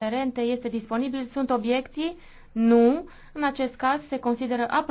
Rente este disponibil, sunt obiecții? Nu. În acest caz se consideră aprobat.